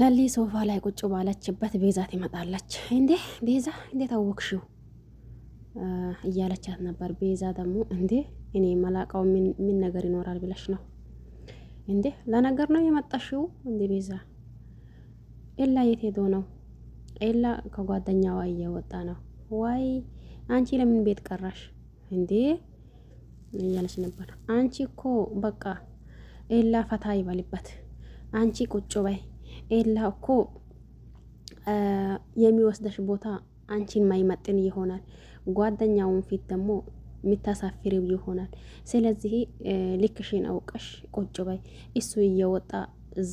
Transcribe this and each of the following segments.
ለሊ ሶፋ ላይ ቁጭ ባለችበት ቤዛ ትመጣለች። እንዴ ቤዛ እንዴት አወቅሽው እያለቻት ነበር። ቤዛ ደግሞ እንዴ እኔ መላቃው ምን ነገር ይኖራል ብለሽ ነው እንዴ ለነገር ነው የመጣሽው? እንዴ ቤዛ ኤላ የት ሄዶ ነው? ኤላ ከጓደኛዋ እየወጣ ነው። ዋይ አንቺ ለምን ቤት ቀራሽ እንዴ እያለች ነበር። አንቺ እኮ በቃ ኤላ ፈታ ይበልበት፣ አንቺ ቁጭ በይ ኤላ እኮ የሚወስደሽ ቦታ አንቺን ማይመጥን ይሆናል። ጓደኛውን ፊት ደግሞ የምታሳፍሪው ይሆናል። ስለዚህ ልክሽን አውቀሽ ቁጭ በይ፣ እሱ እየወጣ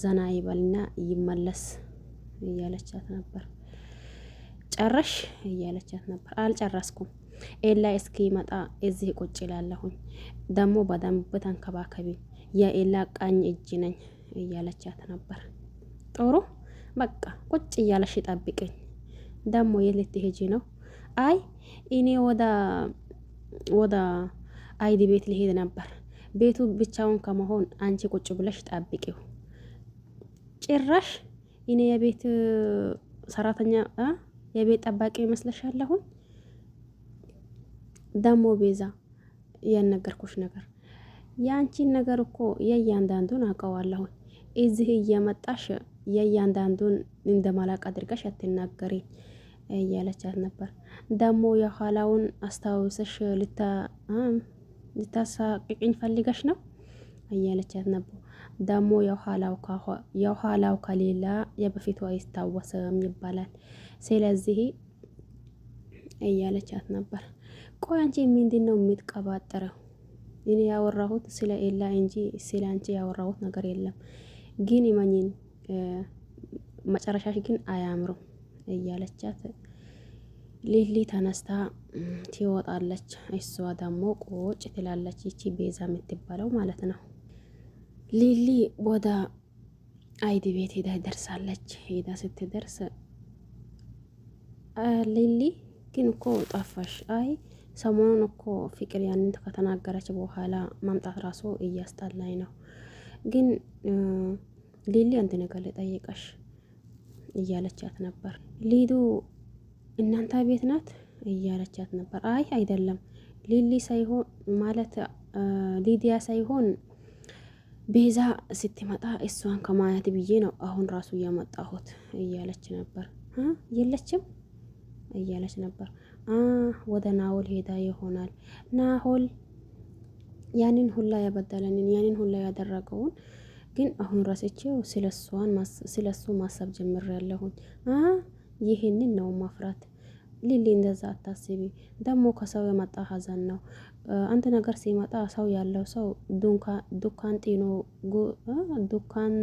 ዘና ይበልና ይመለስ እያለቻት ነበር። ጨረሽ እያለቻት ነበር። አልጨረስኩም ኤላ እስኪመጣ እዚህ ቁጭ ላለሁኝ ደግሞ በደንብ ተንከባከቢ፣ የኤላ ቀኝ እጅ ነኝ እያለቻት ነበር። ጥሩ በቃ ቁጭ እያለሽ ጠብቅኝ ደሞ የልት ሄጂ ነው? አይ እኔ ወደ ወደ አይዲ ቤት ሊሄድ ነበር። ቤቱ ብቻውን ከመሆን አንቺ ቁጭ ብለሽ ጠብቂው። ጭራሽ እኔ የቤት ሰራተኛ የቤት ጠባቂ ይመስለሻለሁን? ደግሞ ቤዛ ያነገርኩሽ ነገር የአንቺን ነገር እኮ የእያንዳንዱን አውቀዋለሁን። እዚህ እየመጣሽ የእያንዳንዱን እንደማላቅ አድርገሽ አትናገሪ እያለቻት ነበር። ደግሞ የኋላውን አስታውሰሽ ልታሳቅቅኝ ፈልገሽ ነው እያለቻት ነበር። ደግሞ የኋላው ከሌላ የበፊቱ አይታወስም ይባላል። ስለዚህ እያለቻት ነበር። ቆይ አንቺ ምንድን ነው የምትቀባጥረው? እኔ ያወራሁት ስለ ኤላ እንጂ ስለ አንቺ ያወራሁት ነገር የለም። ግን ይመኝን መጨረሻሽ ግን አያምርም እያለቻት ሊሊ ተነስታ ትወጣለች። እሷ ደግሞ ቆጭ ትላለች። ይቺ ቤዛ የምትባለው ማለት ነው። ሊሊ ወደ አይድ ቤት ሄዳ ደርሳለች። ሄዳ ስትደርስ ሊሊ ግን እኮ ጠፋሽ። አይ ሰሞኑን እኮ ፍቅር ያንን ከተናገረች በኋላ ማምጣት ራሱ እያስጠላኝ ነው ግን ሊሊ አንድ ነገር ልጠይቀሽ እያለቻት ነበር። ሊዱ እናንተ ቤት ናት እያለቻት ነበር። አይ አይደለም ሊሊ ሳይሆን ማለት ሊዲያ ሳይሆን ቤዛ ስትመጣ እሷን ከማየት ብዬ ነው አሁን ራሱ እያመጣሁት እያለች ነበር። የለችም እያለች ነበር። ወደ ናሆል ሄዳ ይሆናል። ናሆል ያንን ሁላ ያበደለንን ያንን ሁላ ያደረገውን ግን አሁን ራስቼው ስለ እሱ ማሰብ ጀምሬያለሁኝ። ይህንን ነው ማፍራት። ሊሊ እንደዛ አታስቢ። ደግሞ ከሰው የመጣ ሀዘን ነው። አንድ ነገር ሲመጣ ሰው ያለው ሰው ዱካን ጤኖ ዱካን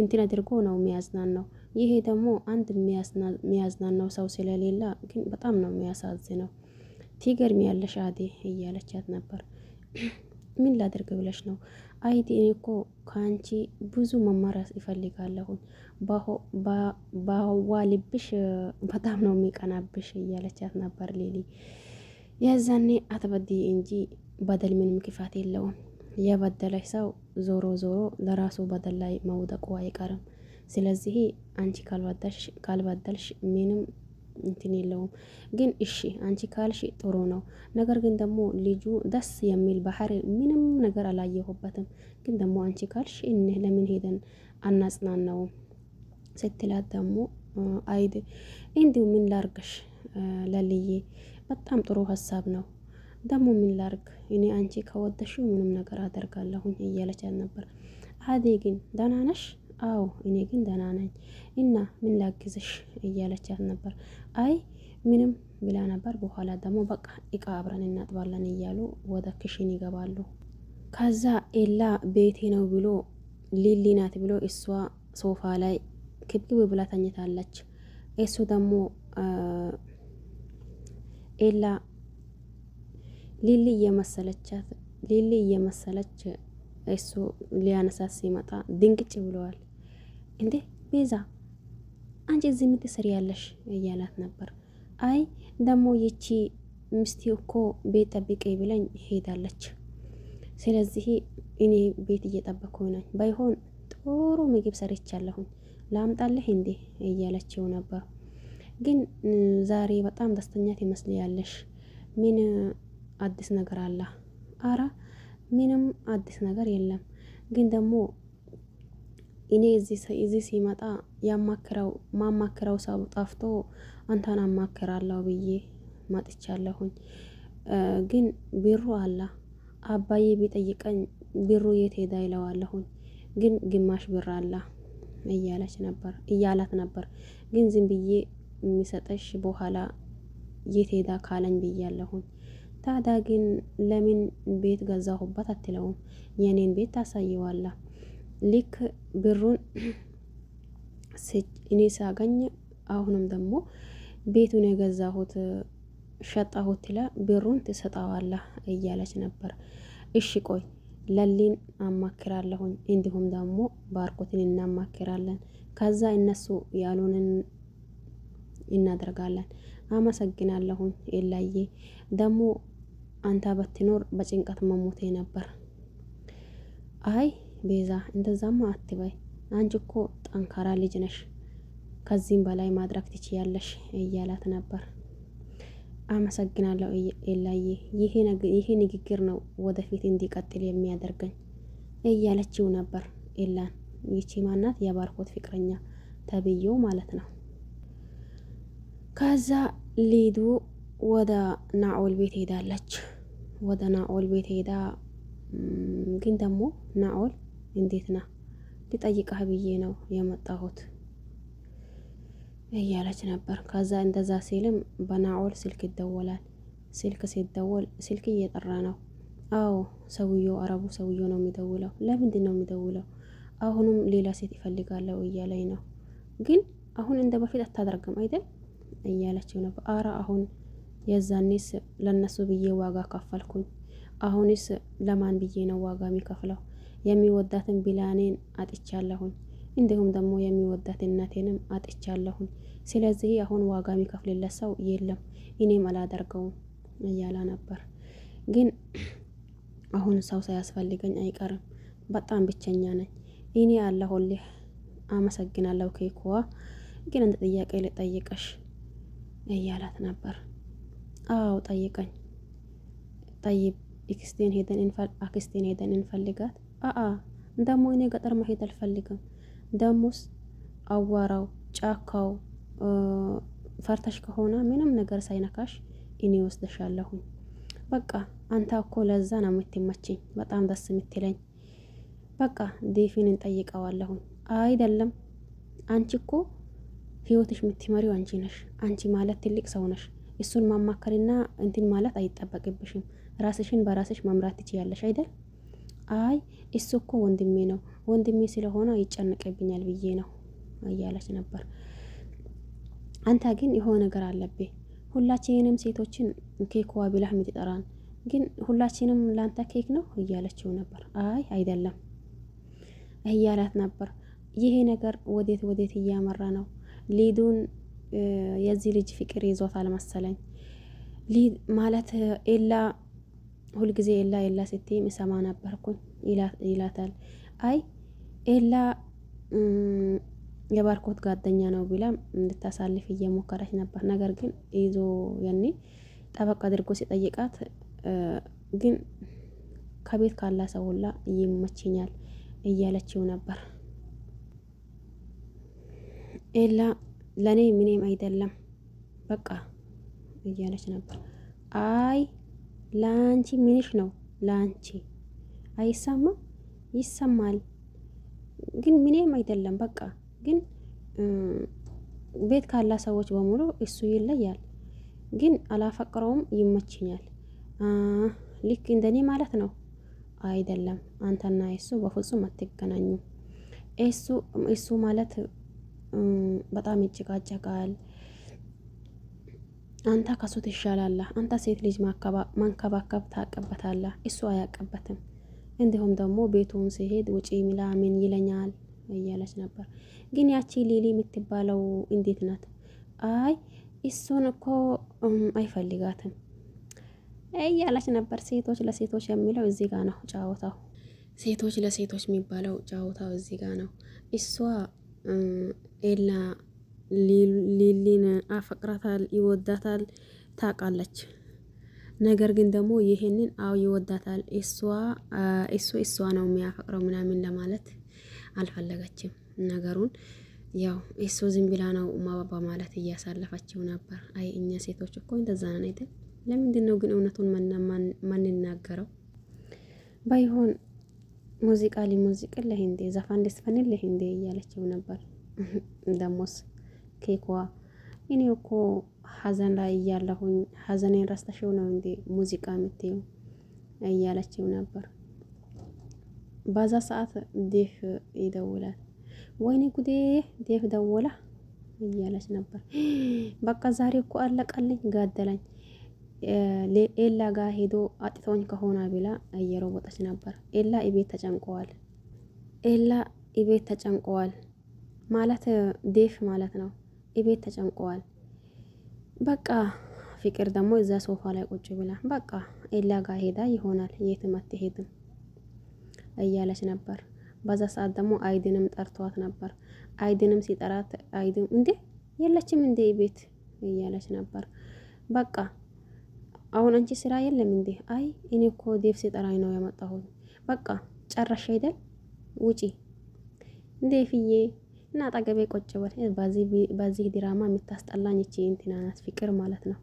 እንትን አድርጎ ነው የሚያዝናን ነው። ይሄ ደግሞ አንድ የሚያዝናን ነው ሰው ስለሌላ ግን በጣም ነው የሚያሳዝነው። ትገርሚያለሽ አዴ እያለቻት ነበር። ምን ላድርግ ብለሽ ነው አይቴ እኮ ከአንቺ ብዙ መማራስ ይፈልጋለሁን ባዋ ልብሽ በጣም ነው የሚቀናብሽ እያለቻት ነበር ሌሊ። የዛኔ አትበድ እንጂ በደል ምንም ክፋት የለውም። የበደለሽ ሰው ዞሮ ዞሮ ለራሱ በደል ላይ መውደቁ አይቀርም። ስለዚህ አንቺ ካልበደልሽ ምንም እንትን የለውም። ግን እሺ አንቺ ካልሽ ጥሩ ነው። ነገር ግን ደግሞ ልጁ ደስ የሚል ባህሪ ምንም ነገር አላየሁበትም። ግን ደግሞ አንቺ ካልሽ እኔ ለምን ሄደን አናጽናናውም ስትላት ደግሞ አይድ እንዲሁ ምን ላርግሽ ለልዬ በጣም ጥሩ ሀሳብ ነው ደግሞ ምን ላርግ እኔ አንቺ ከወደሽው ምንም ነገር አደርጋለሁኝ እያለች ነበር። አዴ ግን ደህና ነሽ? አዎ እኔ ግን ደህና ነኝ እና ምን ላግዝሽ እያለቻት ነበር። አይ ምንም ብላ ነበር። በኋላ ደግሞ በቃ እቃ አብረን እናጥባለን እያሉ ወደ ክሽን ይገባሉ። ከዛ ኤላ ቤቴ ነው ብሎ ሊሊ ናት ብሎ እሷ ሶፋ ላይ ክብክብ ብላ ተኝታለች። እሱ ደግሞ ኤላ ሊሊ እየመሰለቻት ሊሊ እየመሰለች እሱ ሊያነሳት ሲመጣ ድንቅጭ ብለዋል። እንዴ ቤዛ አንቺ እዚህ ምን ያለሽ እያላት ነበር። አይ ደግሞ ይቺ ምስቲ እኮ ቤት ጠብቄ ብለኝ ሄዳለች። ስለዚህ እኔ ቤት እየጠበኩ ነኝ። ባይሆን ጥሩ ምግብ ሰርቻለሁኝ ላምጣልህ እንዴ እያለችው ነበር። ግን ዛሬ በጣም ደስተኛ ትመስልያለሽ። ምን አዲስ ነገር አለ? አረ ምንም አዲስ ነገር የለም። ግን ደግሞ እኔ እዚህ ሲመጣ ያማክረው ማማክረው ሰው ጠፍቶ አንተን አማክራለሁ ብዬ ማጥቻለሁኝ። ግን ቢሩ አለ አባዬ ቢጠይቀኝ ቢሩ የት ሄዳ ይለዋለሁኝ። ግን ግማሽ ብር አለ እያለች ነበር እያላት ነበር። ግን ዝም ብዬ የሚሰጠሽ በኋላ የት ሄዳ ካለኝ ብያለሁኝ። ታዳ ግን ለምን ቤት ገዛሁበት አትለውም? የኔን ቤት ታሳየዋላ ልክ ብሩን እኔ ሳገኝ አሁንም ደግሞ ቤቱን የገዛሁት ሸጣሁት ይላ ብሩን ትሰጣዋለህ እያለች ነበር። እሺ ቆይ ለሊን አማክራለሁኝ እንዲሁም ደግሞ ባርኮትን እናማክራለን። ከዛ እነሱ ያሉንን እናደርጋለን። አመሰግናለሁኝ የላዬ ደግሞ አንተ በትኖር በጭንቀት መሞቴ ነበር። አይ ቤዛ እንደዛማ አትበይ፣ አንቺ እኮ ጠንካራ ልጅ ነሽ፣ ከዚህም በላይ ማድረግ ትችያለሽ እያላት ነበር። አመሰግናለሁ ኤላዬ፣ ይሄ ንግግር ነው ወደፊት እንዲቀጥል የሚያደርገኝ እያለችው ነበር ኤላን። ይቺ ማናት የባርኮት ፍቅረኛ ተብዬው ማለት ነው። ከዛ ሊዱ ወደ ናኦል ቤት ሄዳለች። ወደ ናኦል ቤት ሄዳ ግን ደግሞ ናኦል እንዴት ና ልጠይቅህ ብዬ ነው የመጣሁት እያለች ነበር። ከዛ እንደዛ ሲልም በናኦል ስልክ ይደወላል። ስልክ ሲደወል ስልክ እየጠራ ነው። አዎ ሰውየው አረቡ ሰውየው ነው የሚደውለው። ለምንድን ነው የሚደውለው? አሁንም ሌላ ሴት ይፈልጋለው እያለኝ ነው። ግን አሁን እንደ በፊት አታደርግም አይደል እያለችው ነበር። አረ አሁን የዛኔስ ለነሱ ብዬ ዋጋ ከፈልኩኝ አሁንስ ለማን ብዬ ነው ዋጋ የሚከፍለው? የሚወዳትን ቢላኔን አጥቻለሁኝ፣ እንዲሁም ደግሞ የሚወዳት እናቴንም አጥቻለሁኝ። ስለዚህ አሁን ዋጋ የሚከፍልለት ሰው የለም፣ እኔም አላደርገውም እያላ ነበር። ግን አሁን ሰው ሳያስፈልገኝ አይቀርም፣ በጣም ብቸኛ ነኝ። እኔ አለሁልህ፣ አመሰግናለሁ ኬኩዋ። ግን እንደ ጥያቄ ልጠይቀሽ እያላት ነበር። አዎ ጠይቀኝ። ጠይብ አክስቴን ሄደን አክስቴን ሄደን እንፈልጋት። አአ ደግሞ እኔ ገጠር መሄድ አልፈልግም። ደሞስ አዋራው ጫካው ፈርተሽ ከሆነ ምንም ነገር ሳይነካሽ እኔ ወስደሻለሁኝ። በቃ አንተ እኮ ለዛ ነው የምትመችኝ፣ በጣም ደስ የምትለኝ። በቃ ዴፊን እንጠይቀዋለሁኝ። አይደለም አንቺ እኮ ህይወትሽ የምትመሪው አንቺ ነሽ። አንቺ ማለት ትልቅ ሰው ነሽ። እሱን ማማከርና እንትን ማለት አይጠበቅብሽም። ራስሽን በራስሽ መምራት ትችያለሽ አይደል? አይ እሱ እኮ ወንድሜ ነው ወንድሜ ስለሆነ ይጨነቅብኛል ብዬ ነው እያለች ነበር። አንተ ግን የሆነ ነገር አለብህ። ሁላችንም ሴቶችን ኬክ ዋ ብላህ የምትጠራን ግን ሁላችንም ላንተ ኬክ ነው እያለችው ነበር። አይ አይደለም እያላት ነበር። ይሄ ነገር ወዴት ወዴት እያመራ ነው? ሊዱን የዚህ ልጅ ፍቅር ይዞታል መሰለኝ ማለት ኤላ ሁልጊዜ ኤላ ኤላ ስትይ ምሰማ ነበርኩኝ ይላታል። አይ ኤላ የባርኮት ጓደኛ ነው ብላ እንድታሳልፍ እየሞከረች ነበር። ነገር ግን ይዞ ያኔ ጠበቅ አድርጎ ሲጠይቃት ግን ከቤት ካላ ሰውላ ሁላ ይመችኛል እያለችው ነበር። ኤላ ለእኔ ምንም አይደለም በቃ እያለች ነበር። አይ ለአንቺ ምንሽ ነው? ለአንቺ አይሰማም ይሰማል፣ ግን ምንም አይደለም። በቃ ግን ቤት ካላ ሰዎች በሙሉ እሱ ይለያል። ግን አላፈቅረውም፣ ይመችኛል። ልክ እንደኔ ማለት ነው። አይደለም አንተና እሱ በፍጹም እሱ እሱ ማለት በጣም ይጭቃጨቃል። አንተ ከሱ ትሻላለህ። አንተ ሴት ልጅ ማንከባከብ ታቀበታለህ፣ እሱ አያቀበትም። እንዲሁም ደግሞ ቤቱን ሲሄድ ውጪ ሚላ ምን ይለኛል እያለች ነበር። ግን ያቺ ሊሊ የምትባለው እንዴት ናት? አይ እሱን እኮ አይፈልጋትም እያለች ነበር። ሴቶች ለሴቶች የሚለው እዚህ ጋ ነው ጫወታው። ሴቶች ለሴቶች የሚባለው ጫወታው እዚህ ጋ ነው። እሷ ኤላ ሊሊን አፈቅራታል፣ ይወዳታል፣ ታውቃለች። ነገር ግን ደግሞ ይሄንን አው ይወዳታል፣ እሷ እሱ እሷ ነው የሚያፈቅረው ምናምን ለማለት አልፈለገችም ነገሩን ያው እሱ ዝም ብላ ነው ማባባ ማለት እያሳለፈችው ነበር። አይ እኛ ሴቶች እኮ እንደዛ ነን አይደል? ለምንድን ነው ግን እውነቱን ማንናገረው? ባይሆን ሙዚቃ ሊ ሙዚቅን ለህንዴ ዘፋን ደስፈንል ለህንዴ እያለችው ነበር ደሞስ ኬኳ እኔ እኮ ሀዘን ላይ እያለሁኝ ሀዘኔን ረስተሽው ነው እንዴ ሙዚቃ የምትይው እያለችው ነበር። በዛ ሰዓት ዴፍ ይደውላል። ወይኔ ጉዴ ዴፍ ደወላ እያለች ነበር። በቃ ዛሬ እኮ አለቀልኝ፣ ጋደለኝ ኤላ ጋር ሄዶ አጥቶኝ ከሆነ ብላ እየሮወጠች ነበር። ኤላ እቤት ተጨንቀዋል። ኤላ እቤት ተጨንቀዋል ማለት ዴፍ ማለት ነው። እቤት ተጨንቀዋል። በቃ ፍቅር ደግሞ እዛ ሶፋ ላይ ቁጭ ብላ በቃ ኤላ ጋር ሄዳ ይሆናል የትም አትሄድም እያለች ነበር። በዛ ሰዓት ደግሞ አይድንም ጠርተዋት ነበር። አይድንም ሲጠራት አይድን እንዴ የለችም እንዴ ቤት እያለች ነበር። በቃ አሁን አንቺ ስራ የለም እንዴ? አይ እኔ እኮ ዴቭ ሲጠራኝ ነው የመጣሁት። በቃ ጨረሽ አይደል? ውጪ እንዴ ፍዬ እና አጠገቤ ቆጭ በዚህ ድራማ የምታስጠላኝ እቺ እንትና ናት ፍቅር ማለት ነው።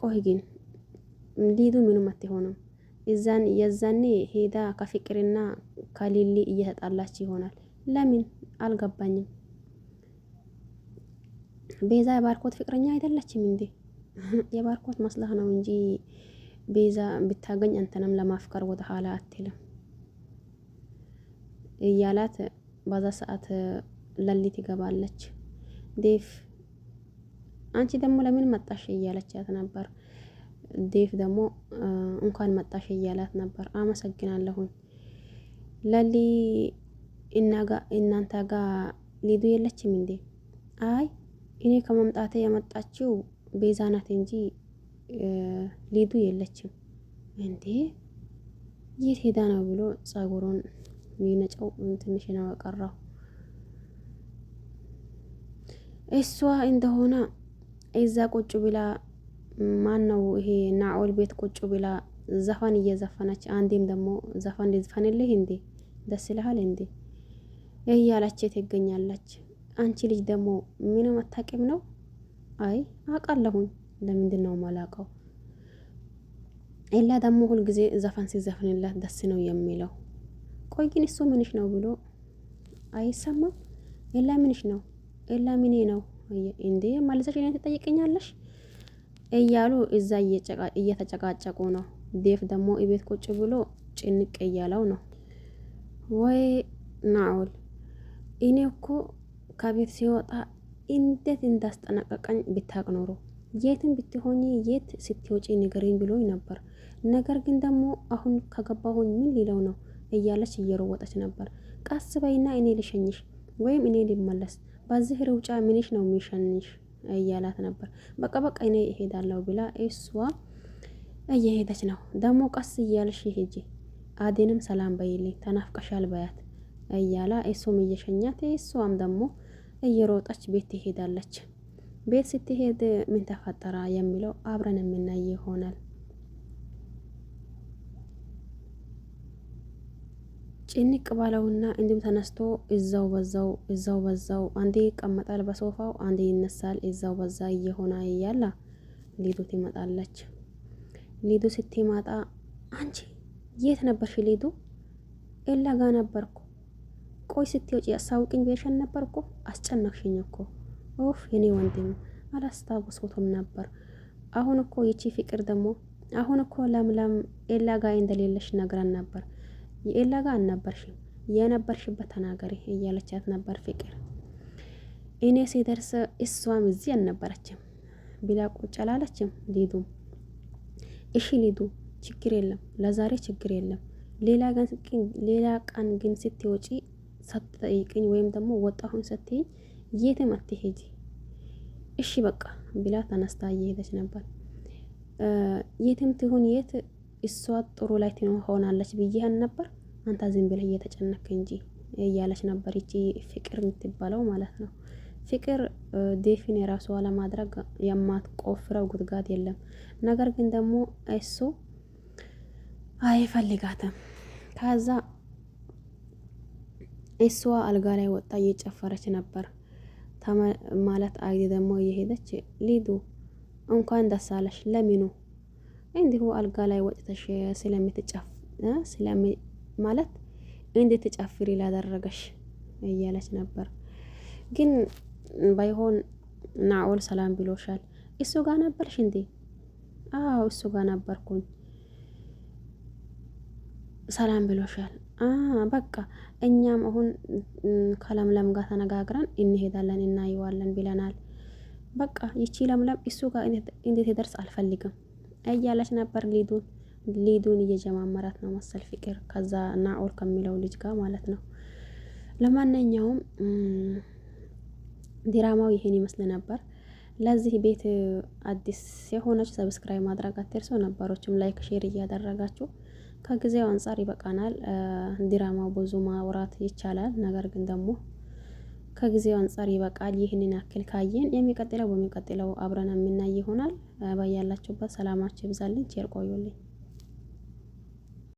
ቆይ ግን ሊዱ ምንም አትሆንም። እዛን የዛኔ ሄዳ ከፍቅርና ከሊሊ እየተጣላች ይሆናል። ለምን አልገባኝም። ቤዛ የባርኮት ፍቅረኛ አይደለችም እንዴ? የባርኮት መስላህ ነው እንጂ ቤዛ ብታገኝ አንተንም ለማፍቀር ወደ ኋላ አትልም። እያላት በዛ ሰዓት ለሊት ይገባለች። ዴፍ አንቺ ደግሞ ለምን መጣሽ እያለቻት ነበር። ዴፍ ደግሞ እንኳን መጣሽ እያላት ነበር። አመሰግናለሁኝ ለሊ እናንተ ጋ ሊዱ የለችም እንዴ? አይ እኔ ከመምጣቴ የመጣችው ቤዛ ናት እንጂ ሊዱ የለችም እንዴ? የት ሄዳ ነው ብሎ ጸጉሩን ይነጨው ትንሽ ነው የቀረው። እሷ እንደሆነ እዛ ቁጭ ብላ ማን ነው ይሄ ናኦል ቤት ቁጭ ብላ ዘፈን እየዘፈነች አንዴም ደግሞ ዘፈን ልዝፈንልህ እንዴ ደስ ይልሃል እንዴ እያለች ትገኛለች። አንቺ ልጅ ደግሞ ምንም አታውቂም ነው? አይ አውቃለሁኝ። ለምንድን ነው ማላውቀው? ኤላ ደግሞ ሁልጊዜ ዘፈን ሲዘፍንላት ደስ ነው የሚለው ቆይ ግን እሱ ምንሽ ነው ብሎ አይሰማም። ኤላ ምንሽ ነው ኤላ ምኔ ነው እንዴ ማለሰሽ እኔን ትጠይቀኛለሽ እያሉ እዛ እየተጨቃጨቁ ነው። ዴፍ ደግሞ እቤት ቁጭ ብሎ ጭንቅ እያለው ነው። ወይ ናኦል እኔ እኮ ከቤት ሲወጣ እንዴት እንዳስጠነቀቀኝ ብታቅ ኖሮ የትን ብትሆኝ የት ስትወጪ ንገሪኝ ብሎኝ ነበር። ነገር ግን ደግሞ አሁን ከገባሁኝ ምን ሊለው ነው? እያለች እየሮወጠች ነበር። ቀስ በይና እኔ ልሸኝሽ ወይም እኔ ልመለስ፣ በዚህ ሩጫ ምንሽ ነው የሚሸንሽ እያላት ነበር። በቃ በቃ እኔ እሄዳለሁ ብላ እሷ እየሄደች ነው። ደግሞ ቀስ እያለሽ ሂጂ፣ አዴንም ሰላም በይልኝ፣ ተናፍቀሻል በያት እያላ እሱም እየሸኛት እሷም ደግሞ እየሮጠች ቤት ትሄዳለች። ቤት ስትሄድ ምን ተፈጠረ የሚለው አብረን የምናይ ይሆናል። ጭንቅ ባለውና እንዲሁም ተነስቶ እዛው በዛው እዛው በዛው አንዴ ይቀመጣል በሶፋው፣ አንዴ ይነሳል እዛው በዛ እየሆነ እያለ ሊዱ ትመጣለች። ሊዱ ስትመጣ አንቺ የት ነበርሽ ሊዱ? ኤላ ጋ ነበርኩ። ቆይ ስትወጪ አሳውቅኝ ብለሽን ነበርኩ። አስጨነቅሽኝ እኮ ኦፍ የኔ ወንድም አላስታወስኩትም ነበር። አሁን እኮ ይቺ ፍቅር ደግሞ አሁን እኮ ለምለም ኤላ ጋ እንደሌለሽ ነግራን ነበር የኤላ ጋር አልነበርሽም፣ የነበርሽበት ተናገሪ እያለቻት ነበር ፍቅር። እኔ ሲደርስ እሷም እዚህ አልነበረችም ብላ ቁጭ አላለችም። ሊዱ እሺ ሊዱ ችግር የለም ለዛሬ ችግር የለም፣ ሌላ ቀን ግን ስትወጪ ሳትጠይቅኝ ወይም ደግሞ ወጣሁን ስትይኝ የትም አትሄጂ እሺ በቃ ብላ ተነስታ እየሄደች ነበር። የትም ትሁን የት እሷ ጥሩ ላይ ትሆናለች ብዬህን ነበር አንተ ዝም ብለህ እየተጨነክ እንጂ እያለች ነበር። ይቺ ፍቅር የምትባለው ማለት ነው። ፍቅር ዴፊን የራሷ ለማድረግ የማትቆፍረው ጉድጋድ የለም። ነገር ግን ደግሞ እሱ አይፈልጋትም። ከዛ እሷ አልጋ ላይ ወጣ እየጨፈረች ነበር ማለት አይ ደግሞ እየሄደች ሊዱ እንኳን ደስ አለሽ ለሚኑ እንዲሁ አልጋ ላይ ወጥተሽ ስለምትጨፍ ማለት እንድትጨፍሪ ላደረገሽ እያለች ነበር። ግን ባይሆን ናኦል ሰላም ብሎሻል። እሱ ጋር ነበርሽ እንዴ? አዎ እሱ ጋር ነበርኩኝ። ሰላም ብሎሻል። በቃ እኛም አሁን ከለምለም ጋር ተነጋግረን እንሄዳለን እናየዋለን ብለናል። በቃ ይቺ ለምለም እሱ ጋር እንዴት ደርስ አልፈልግም እያለች ነበር ሊዱን ሊዱን እየጀማመራት ነው መሰል ፍቅር ከዛ ናኦል ከሚለው ልጅ ጋር ማለት ነው። ለማንኛውም ዲራማው ይሄን ይመስል ነበር። ለዚህ ቤት አዲስ የሆነች ሰብስክራይብ ማድረግ አትርሱ። ነበሮችም ላይክ፣ ሼር እያደረጋችሁ ከጊዜው አንጻር ይበቃናል። ዲራማው ብዙ ማውራት ይቻላል፣ ነገር ግን ደግሞ ከጊዜው አንጻር ይበቃል። ይህንን ያክል ካየን የሚቀጥለው በሚቀጥለው አብረን የምናይ ይሆናል። ባያላችሁበት ሰላማችሁ ይብዛልኝ። ቸር ቆዩልኝ።